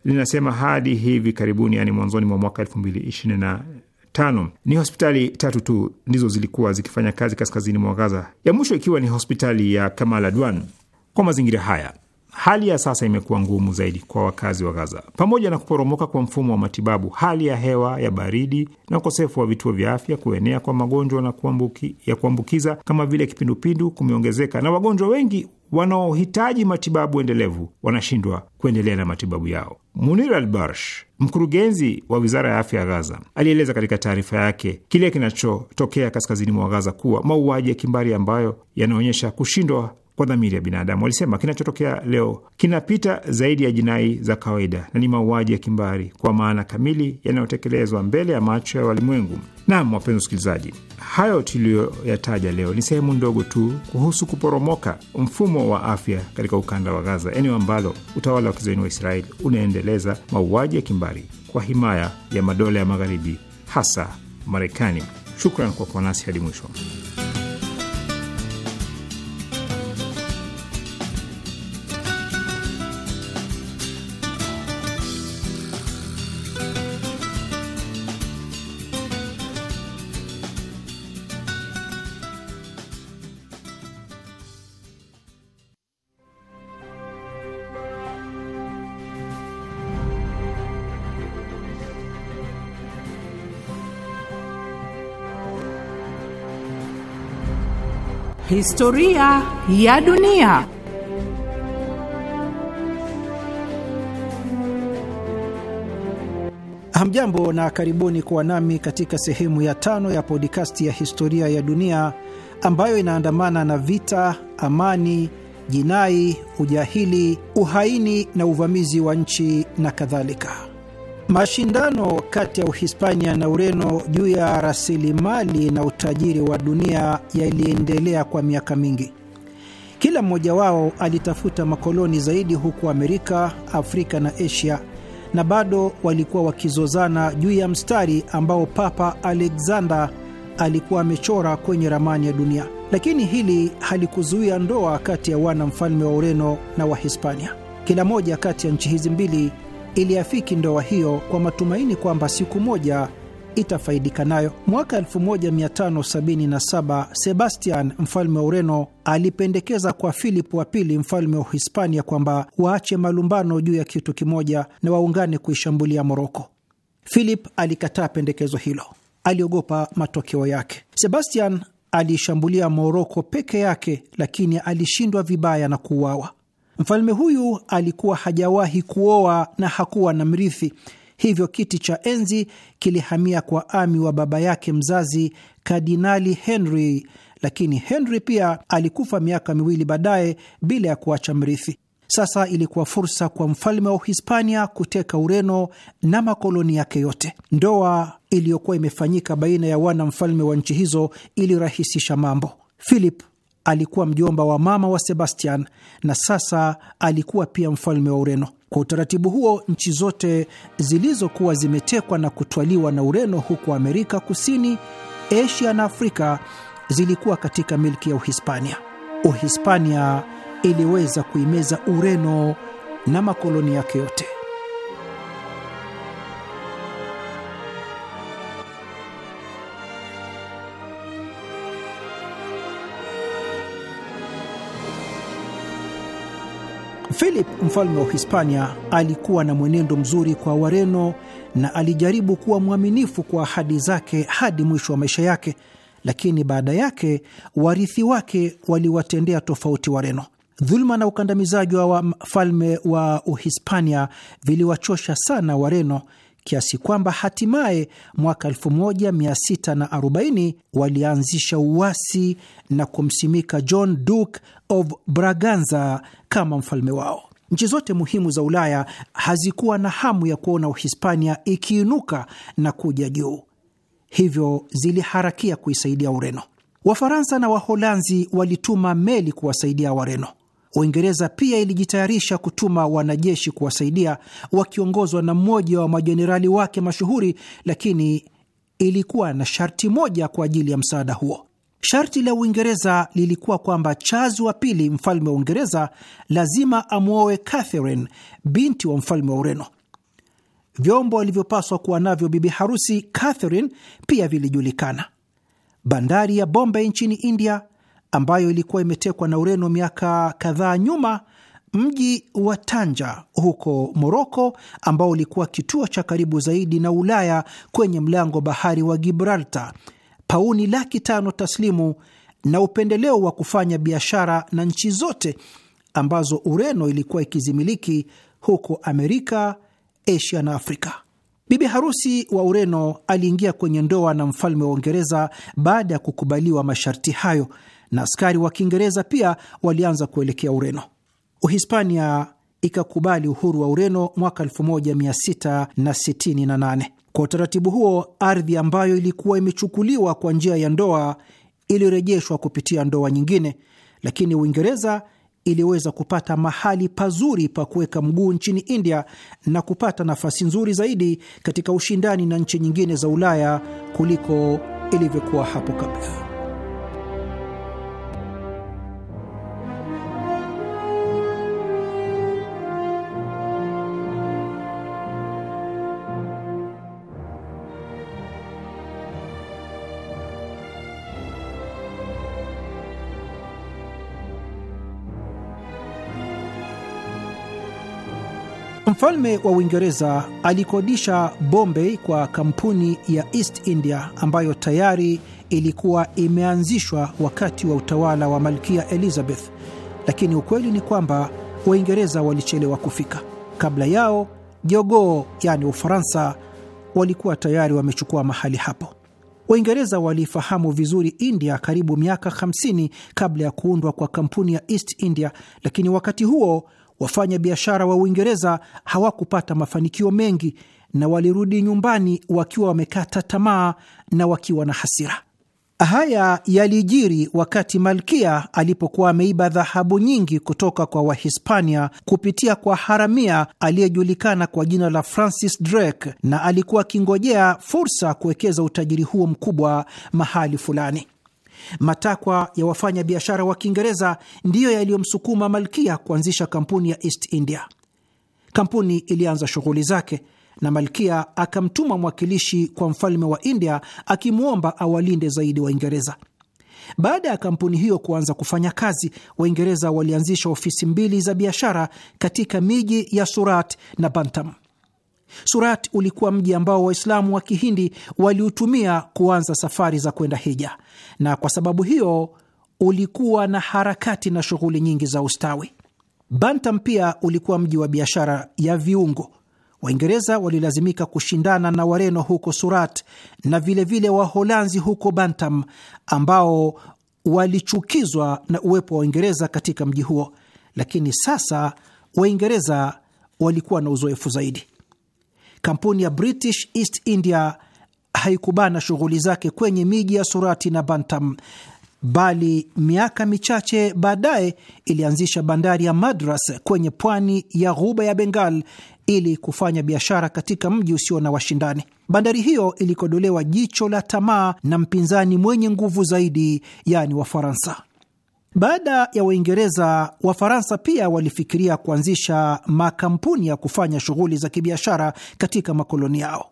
linasema hadi hivi karibuni, yani mwanzoni mwa mwaka elfu mbili ishirini na tano ni hospitali tatu tu ndizo zilikuwa zikifanya kazi kaskazini mwa Gaza, ya mwisho ikiwa ni hospitali ya Kamal Adwan. Kwa mazingira haya, hali ya sasa imekuwa ngumu zaidi kwa wakazi wa Gaza. Pamoja na kuporomoka kwa mfumo wa matibabu, hali ya hewa ya baridi na ukosefu wa vituo vya afya, kuenea kwa magonjwa na kuambuki, ya kuambukiza kama vile kipindupindu kumeongezeka na wagonjwa wengi wanaohitaji matibabu endelevu wanashindwa kuendelea na matibabu yao. Munir al barsh mkurugenzi wa wizara ya afya ya Gaza, alieleza katika taarifa yake kile kinachotokea kaskazini mwa Gaza kuwa mauaji ya kimbari ambayo yanaonyesha kushindwa kwa dhamiri ya binadamu. Walisema kinachotokea leo kinapita zaidi ya jinai za kawaida na ni mauaji ya kimbari kwa maana kamili yanayotekelezwa mbele ya macho ya walimwengu. Naam, wapenzi wasikilizaji, hayo tuliyoyataja leo ni sehemu ndogo tu kuhusu kuporomoka mfumo wa afya katika ukanda wa Gaza, eneo ambalo utawala wa kizayuni wa Israeli unaendeleza mauaji ya kimbari kwa himaya ya madola ya Magharibi, hasa Marekani. Shukran kwa kuwa nasi hadi mwisho. Historia ya dunia. Hamjambo na karibuni kuwa nami katika sehemu ya tano ya podikasti ya historia ya dunia ambayo inaandamana na vita, amani, jinai, ujahili, uhaini na uvamizi wa nchi na kadhalika. Mashindano kati ya Uhispania na Ureno juu ya rasilimali na utajiri wa dunia yaliendelea kwa miaka mingi. Kila mmoja wao alitafuta makoloni zaidi huku Amerika, Afrika na Asia, na bado walikuwa wakizozana juu ya mstari ambao Papa Alexander alikuwa amechora kwenye ramani ya dunia, lakini hili halikuzuia ndoa kati ya wana mfalme wa Ureno na Wahispania. Kila moja kati ya nchi hizi mbili iliafiki ndoa hiyo kwa matumaini kwamba siku moja itafaidika nayo. Mwaka 1577 Sebastian mfalme wa Ureno alipendekeza kwa Philip wa pili mfalme wa Hispania kwamba waache malumbano juu ya kitu kimoja na waungane kuishambulia Moroko. Philip alikataa pendekezo hilo, aliogopa matokeo yake. Sebastian aliishambulia Moroko peke yake, lakini alishindwa vibaya na kuuawa. Mfalme huyu alikuwa hajawahi kuoa na hakuwa na mrithi, hivyo kiti cha enzi kilihamia kwa ami wa baba yake mzazi Kardinali Henry, lakini Henry pia alikufa miaka miwili baadaye bila ya kuacha mrithi. Sasa ilikuwa fursa kwa mfalme wa Uhispania kuteka Ureno na makoloni yake yote. Ndoa iliyokuwa imefanyika baina ya wana mfalme wa nchi hizo ilirahisisha mambo. Philip alikuwa mjomba wa mama wa Sebastian na sasa alikuwa pia mfalme wa Ureno. Kwa utaratibu huo, nchi zote zilizokuwa zimetekwa na kutwaliwa na Ureno huko Amerika Kusini, Asia na Afrika zilikuwa katika milki ya Uhispania. Uhispania iliweza kuimeza Ureno na makoloni yake yote. Philip mfalme wa Hispania alikuwa na mwenendo mzuri kwa Wareno na alijaribu kuwa mwaminifu kwa ahadi zake hadi mwisho wa maisha yake, lakini baada yake warithi wake waliwatendea tofauti Wareno. Dhuluma na ukandamizaji wa mfalme wa Uhispania viliwachosha sana Wareno kiasi kwamba hatimaye mwaka 1640 walianzisha uasi na kumsimika John Duke of Braganza kama mfalme wao. Nchi zote muhimu za Ulaya hazikuwa na hamu ya kuona Uhispania ikiinuka na kuja juu, hivyo ziliharakia kuisaidia Ureno. Wafaransa na Waholanzi walituma meli kuwasaidia Wareno. Uingereza pia ilijitayarisha kutuma wanajeshi kuwasaidia, wakiongozwa na mmoja wa majenerali wake mashuhuri, lakini ilikuwa na sharti moja kwa ajili ya msaada huo. Sharti la Uingereza lilikuwa kwamba Charles wa pili, mfalme wa Uingereza, lazima amwoe Catherine, binti wa mfalme wa Ureno. Vyombo alivyopaswa kuwa navyo bibi harusi Catherine pia vilijulikana: bandari ya Bombay nchini India, ambayo ilikuwa imetekwa na Ureno miaka kadhaa nyuma, mji wa Tanja huko Moroko, ambao ulikuwa kituo cha karibu zaidi na Ulaya kwenye mlango bahari wa Gibraltar pauni laki tano taslimu na upendeleo wa kufanya biashara na nchi zote ambazo Ureno ilikuwa ikizimiliki huko Amerika, Asia na Afrika. Bibi harusi wa Ureno aliingia kwenye ndoa na mfalme wa Uingereza baada ya kukubaliwa masharti hayo, na askari wa Kiingereza pia walianza kuelekea Ureno. Uhispania ikakubali uhuru wa Ureno mwaka 1668. Kwa utaratibu huo, ardhi ambayo ilikuwa imechukuliwa kwa njia ya ndoa ilirejeshwa kupitia ndoa nyingine, lakini Uingereza iliweza kupata mahali pazuri pa kuweka mguu nchini India na kupata nafasi nzuri zaidi katika ushindani na nchi nyingine za Ulaya kuliko ilivyokuwa hapo kabla. Mfalme wa Uingereza alikodisha Bombay kwa kampuni ya East India ambayo tayari ilikuwa imeanzishwa wakati wa utawala wa Malkia Elizabeth, lakini ukweli ni kwamba Waingereza walichelewa kufika. Kabla yao, jogoo yani Ufaransa walikuwa tayari wamechukua mahali hapo. Waingereza walifahamu vizuri India karibu miaka 50 kabla ya kuundwa kwa kampuni ya East India, lakini wakati huo Wafanya biashara wa Uingereza hawakupata mafanikio mengi na walirudi nyumbani wakiwa wamekata tamaa na wakiwa na hasira. Haya yalijiri wakati malkia alipokuwa ameiba dhahabu nyingi kutoka kwa Wahispania kupitia kwa haramia aliyejulikana kwa jina la Francis Drake, na alikuwa akingojea fursa kuwekeza utajiri huo mkubwa mahali fulani. Matakwa ya wafanya biashara wa Kiingereza ndiyo yaliyomsukuma Malkia kuanzisha kampuni ya East India. Kampuni ilianza shughuli zake na Malkia akamtuma mwakilishi kwa mfalme wa India akimwomba awalinde zaidi Waingereza. Baada ya kampuni hiyo kuanza kufanya kazi, Waingereza walianzisha ofisi mbili za biashara katika miji ya Surat na Bantam. Surat ulikuwa mji ambao Waislamu wa Kihindi waliutumia kuanza safari za kwenda hija, na kwa sababu hiyo ulikuwa na harakati na shughuli nyingi za ustawi. Bantam pia ulikuwa mji wa biashara ya viungo. Waingereza walilazimika kushindana na Wareno huko Surat na vilevile Waholanzi huko Bantam, ambao walichukizwa na uwepo wa Waingereza katika mji huo, lakini sasa Waingereza walikuwa na uzoefu zaidi. Kampuni ya British East India haikubana shughuli zake kwenye miji ya Surati na Bantam, bali miaka michache baadaye ilianzisha bandari ya Madras kwenye pwani ya ghuba ya Bengal ili kufanya biashara katika mji usio na washindani. Bandari hiyo ilikodolewa jicho la tamaa na mpinzani mwenye nguvu zaidi, yaani Wafaransa. Baada ya Waingereza, Wafaransa pia walifikiria kuanzisha makampuni ya kufanya shughuli za kibiashara katika makoloni yao.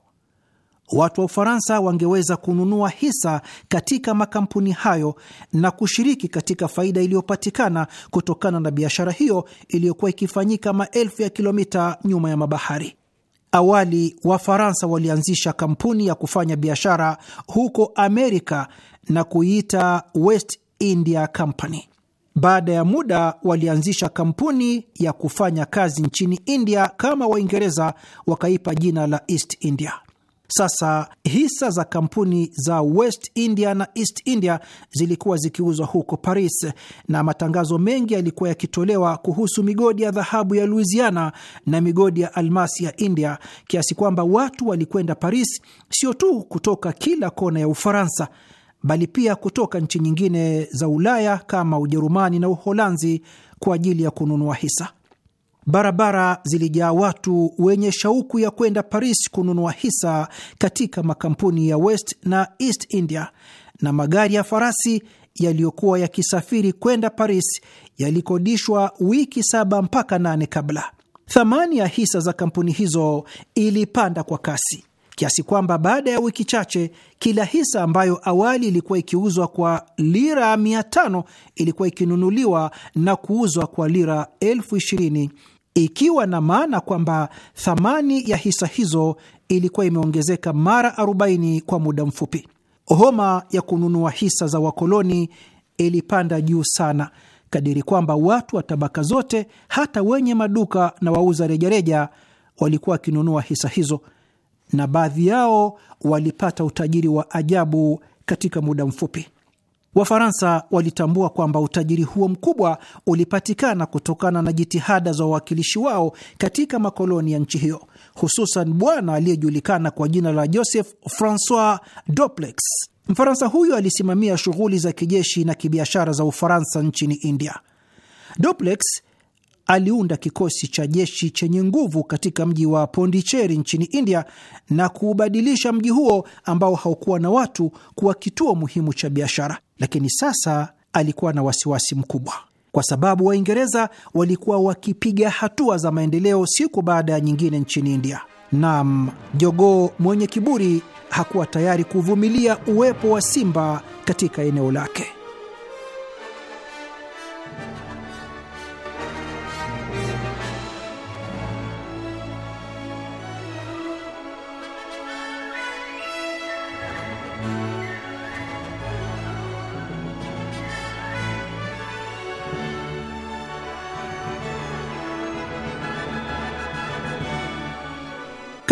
Watu wa Ufaransa wangeweza kununua hisa katika makampuni hayo na kushiriki katika faida iliyopatikana kutokana na biashara hiyo iliyokuwa ikifanyika maelfu ya kilomita nyuma ya mabahari. Awali Wafaransa walianzisha kampuni ya kufanya biashara huko Amerika na kuiita West India Company. Baada ya muda walianzisha kampuni ya kufanya kazi nchini India kama Waingereza, wakaipa jina la East India. Sasa hisa za kampuni za West India na East India zilikuwa zikiuzwa huko Paris, na matangazo mengi yalikuwa yakitolewa kuhusu migodi ya dhahabu ya Louisiana na migodi ya almasi ya India, kiasi kwamba watu walikwenda Paris sio tu kutoka kila kona ya Ufaransa bali pia kutoka nchi nyingine za Ulaya kama Ujerumani na Uholanzi kwa ajili ya kununua hisa. Barabara zilijaa watu wenye shauku ya kwenda Paris kununua hisa katika makampuni ya West na East India, na magari ya farasi yaliyokuwa yakisafiri kwenda Paris yalikodishwa wiki saba mpaka nane kabla. Thamani ya hisa za kampuni hizo ilipanda kwa kasi kiasi kwamba baada ya wiki chache kila hisa ambayo awali ilikuwa ikiuzwa kwa lira 500 ilikuwa ikinunuliwa na kuuzwa kwa lira elfu ishirini ikiwa na maana kwamba thamani ya hisa hizo ilikuwa imeongezeka mara 40 kwa muda mfupi. Homa ya kununua hisa za wakoloni ilipanda juu sana kadiri kwamba watu wa tabaka zote, hata wenye maduka na wauza rejareja, walikuwa wakinunua hisa hizo na baadhi yao walipata utajiri wa ajabu katika muda mfupi. Wafaransa walitambua kwamba utajiri huo mkubwa ulipatikana kutokana na jitihada za wawakilishi wao katika makoloni ya nchi hiyo, hususan bwana aliyejulikana kwa jina la Joseph Francois Duplex. Mfaransa huyo alisimamia shughuli za kijeshi na kibiashara za Ufaransa nchini India. Duplex aliunda kikosi cha jeshi chenye nguvu katika mji wa Pondicheri nchini India na kuubadilisha mji huo ambao haukuwa na watu kuwa kituo muhimu cha biashara. Lakini sasa alikuwa na wasiwasi mkubwa kwa sababu Waingereza walikuwa wakipiga hatua za maendeleo siku baada ya nyingine nchini India. Naam, jogoo mwenye kiburi hakuwa tayari kuvumilia uwepo wa simba katika eneo lake.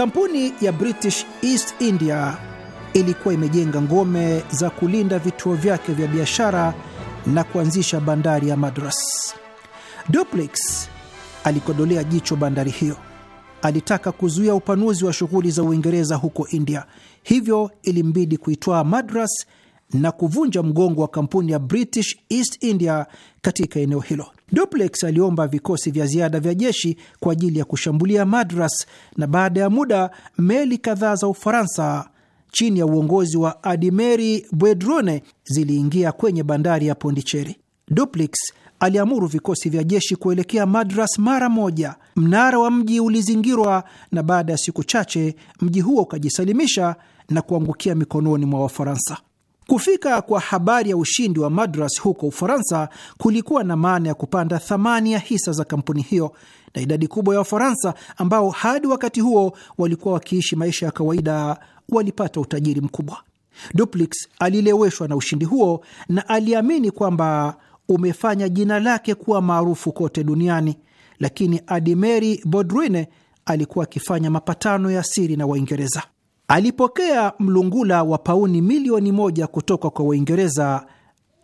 Kampuni ya British East India ilikuwa imejenga ngome za kulinda vituo vyake vya biashara na kuanzisha bandari ya Madras. Duplex alikodolea jicho bandari hiyo. Alitaka kuzuia upanuzi wa shughuli za Uingereza huko India, hivyo ilimbidi kuitwaa Madras na kuvunja mgongo wa kampuni ya British East India katika eneo hilo. Duplex aliomba vikosi vya ziada vya jeshi kwa ajili ya kushambulia Madras, na baada ya muda meli kadhaa za Ufaransa chini ya uongozi wa Adimeri Bwedrone ziliingia kwenye bandari ya Pondicheri. Duplex aliamuru vikosi vya jeshi kuelekea Madras mara moja. Mnara wa mji ulizingirwa, na baada ya siku chache mji huo ukajisalimisha na kuangukia mikononi mwa Wafaransa. Kufika kwa habari ya ushindi wa Madras huko Ufaransa kulikuwa na maana ya kupanda thamani ya hisa za kampuni hiyo, na idadi kubwa ya Wafaransa ambao hadi wakati huo walikuwa wakiishi maisha ya kawaida walipata utajiri mkubwa. Duplix alileweshwa na ushindi huo na aliamini kwamba umefanya jina lake kuwa maarufu kote duniani, lakini Adimeri Bodrine alikuwa akifanya mapatano ya siri na Waingereza. Alipokea mlungula wa pauni milioni moja kutoka kwa Waingereza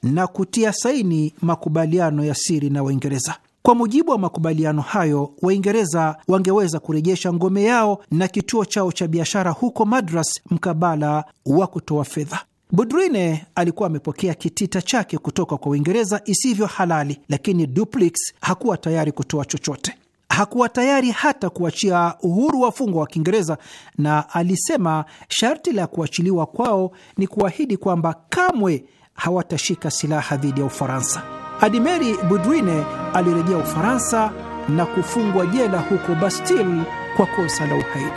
na kutia saini makubaliano ya siri na Waingereza. Kwa mujibu wa makubaliano hayo, Waingereza wangeweza kurejesha ngome yao na kituo chao cha biashara huko Madras mkabala wa kutoa fedha. Budrine alikuwa amepokea kitita chake kutoka kwa Uingereza isivyo halali, lakini Duplix hakuwa tayari kutoa chochote hakuwa tayari hata kuachia uhuru wafungwa wa Kiingereza na alisema sharti la kuachiliwa kwao ni kuahidi kwamba kamwe hawatashika silaha dhidi ya Ufaransa. Adimeri Budwine alirejea Ufaransa na kufungwa jela huko Bastille kwa kosa la uhaini.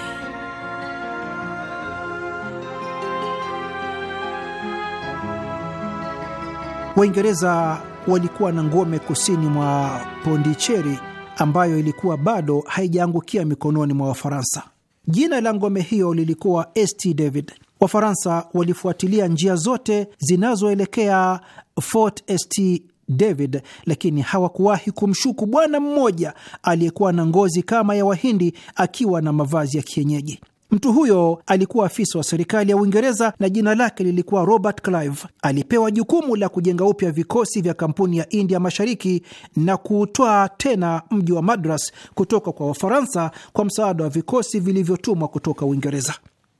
Waingereza walikuwa na ngome kusini mwa Pondicheri ambayo ilikuwa bado haijaangukia mikononi mwa Wafaransa. Jina la ngome hiyo lilikuwa St David. Wafaransa walifuatilia njia zote zinazoelekea Fort St David, lakini hawakuwahi kumshuku bwana mmoja aliyekuwa na ngozi kama ya Wahindi akiwa na mavazi ya kienyeji. Mtu huyo alikuwa afisa wa serikali ya Uingereza na jina lake lilikuwa Robert Clive. Alipewa jukumu la kujenga upya vikosi vya kampuni ya India Mashariki na kuutwaa tena mji wa Madras kutoka kwa Wafaransa kwa msaada wa vikosi vilivyotumwa kutoka Uingereza.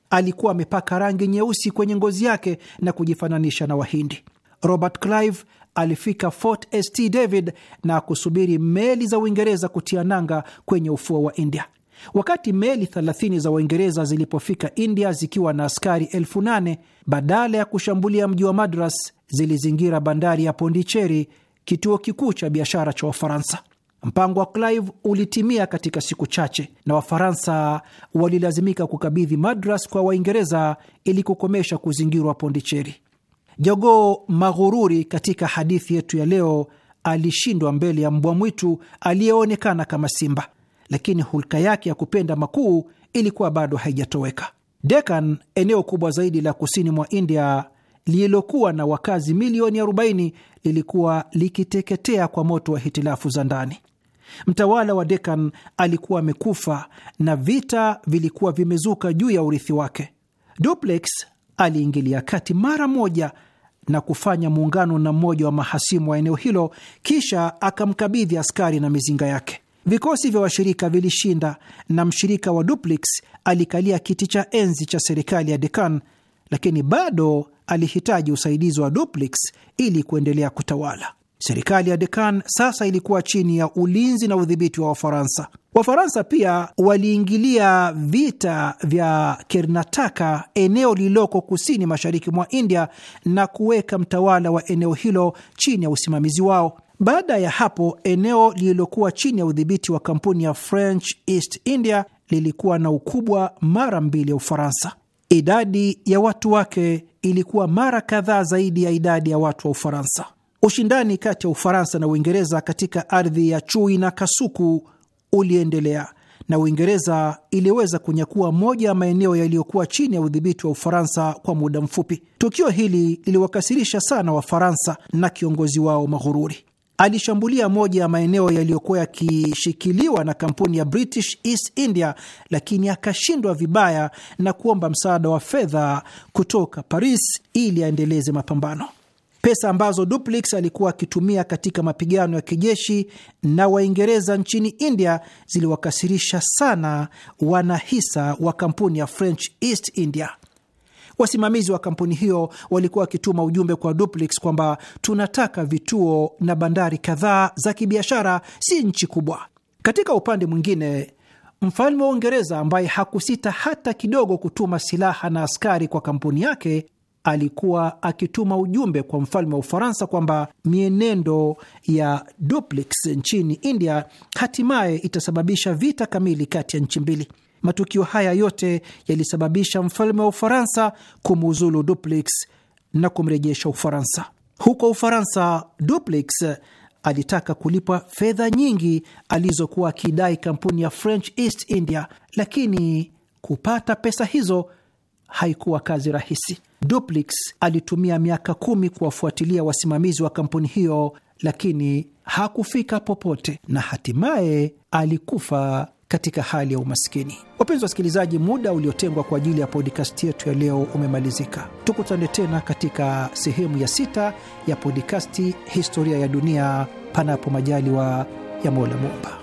Alikuwa amepaka rangi nyeusi kwenye ngozi yake na kujifananisha na Wahindi. Robert Clive alifika Fort St David na kusubiri meli za Uingereza kutia nanga kwenye ufuo wa India. Wakati meli 30 za Uingereza zilipofika India zikiwa na askari elfu nane badala ya kushambulia mji wa Madras, zilizingira bandari ya Pondicheri, kituo kikuu cha biashara cha Wafaransa. Mpango wa Clive ulitimia katika siku chache, na Wafaransa walilazimika kukabidhi Madras kwa Waingereza ili kukomesha kuzingirwa Pondicheri. Jogoo maghururi katika hadithi yetu ya leo alishindwa mbele ya mbwa mwitu aliyeonekana kama simba lakini hulka yake ya kupenda makuu ilikuwa bado haijatoweka. Dekan, eneo kubwa zaidi la kusini mwa India lililokuwa na wakazi milioni 40, lilikuwa likiteketea kwa moto wa hitilafu za ndani. Mtawala wa Dekan alikuwa amekufa na vita vilikuwa vimezuka juu ya urithi wake. Duplex aliingilia kati mara moja na kufanya muungano na mmoja wa mahasimu wa eneo hilo, kisha akamkabidhi askari na mizinga yake. Vikosi vya washirika vilishinda na mshirika wa Duplix alikalia kiti cha enzi cha serikali ya Dekan, lakini bado alihitaji usaidizi wa Duplix ili kuendelea kutawala. Serikali ya Dekan sasa ilikuwa chini ya ulinzi na udhibiti wa Wafaransa. Wafaransa pia waliingilia vita vya Karnataka, eneo lililoko kusini mashariki mwa India, na kuweka mtawala wa eneo hilo chini ya usimamizi wao. Baada ya hapo, eneo lililokuwa chini ya udhibiti wa kampuni ya French East India lilikuwa na ukubwa mara mbili ya Ufaransa. Idadi ya watu wake ilikuwa mara kadhaa zaidi ya idadi ya watu wa Ufaransa. Ushindani kati ya Ufaransa na Uingereza katika ardhi ya chui na kasuku uliendelea na Uingereza iliweza kunyakua moja ya maeneo yaliyokuwa chini ya udhibiti wa Ufaransa kwa muda mfupi. Tukio hili liliwakasirisha sana Wafaransa na kiongozi wao maghururi alishambulia moja ya maeneo yaliyokuwa yakishikiliwa na kampuni ya British East India, lakini akashindwa vibaya na kuomba msaada wa fedha kutoka Paris ili aendeleze mapambano. Pesa ambazo Duplix alikuwa akitumia katika mapigano ya kijeshi na Waingereza nchini India ziliwakasirisha sana wanahisa wa kampuni ya French East India. Wasimamizi wa kampuni hiyo walikuwa wakituma ujumbe kwa Duplex kwamba tunataka vituo na bandari kadhaa za kibiashara, si nchi kubwa. Katika upande mwingine, mfalme wa Uingereza ambaye hakusita hata kidogo kutuma silaha na askari kwa kampuni yake alikuwa akituma ujumbe kwa mfalme wa Ufaransa kwamba mienendo ya Duplex nchini India hatimaye itasababisha vita kamili kati ya nchi mbili. Matukio haya yote yalisababisha mfalme wa Ufaransa kumuuzulu Dupleix na kumrejesha Ufaransa. Huko Ufaransa, Dupleix alitaka kulipwa fedha nyingi alizokuwa akidai kampuni ya French East India, lakini kupata pesa hizo haikuwa kazi rahisi. Dupleix alitumia miaka kumi kuwafuatilia wasimamizi wa kampuni hiyo, lakini hakufika popote na hatimaye alikufa katika hali ya umaskini. Wapenzi wasikilizaji, muda uliotengwa kwa ajili ya podikasti yetu ya leo umemalizika. Tukutane tena katika sehemu ya sita ya podcasti historia ya dunia, panapo majaliwa ya Mola Muumba.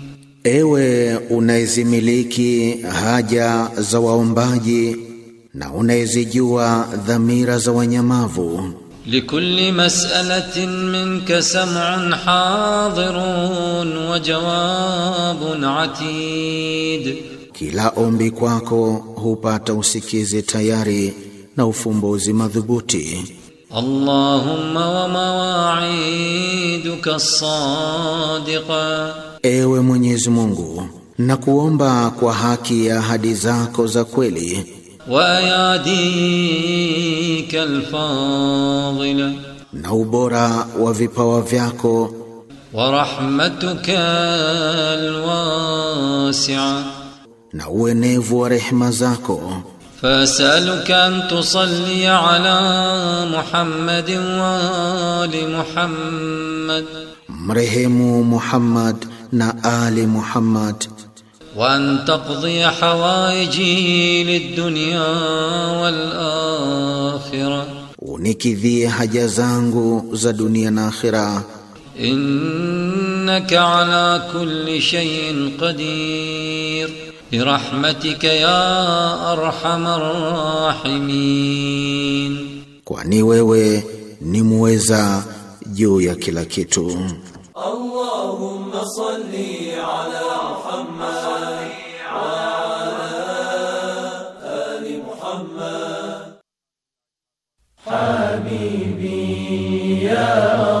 Ewe unayezimiliki haja za waombaji na unayezijua dhamira za wanyamavu. Likulli mas'alatin minka sam'un hadirun wa jawabun atid, kila ombi kwako hupata usikizi tayari na ufumbuzi madhubuti. Allahumma wa mawa'iduka sadiqa Ewe Mwenyezi Mungu, na kuomba kwa haki ya ahadi zako za kweli wa yadika alfadila, na ubora wa vipawa vyako wa rahmatuka alwasi'a, na uenevu wa rehema zako Fasaluka an tusalli ala Muhammadin wa ali Muhammad, mrehemu Muhammad na Ali Muhammad. Wa antaqdi hawaiji lidunya wal akhirah, unikidhie haja zangu za dunia na akhira. Innaka ala kulli shay'in qadir birahmatika ya arhamar rahimin, kwani wewe ni muweza juu ya kila kitu. اللهم صل على محمد وعلى آل محمد حبيبي يا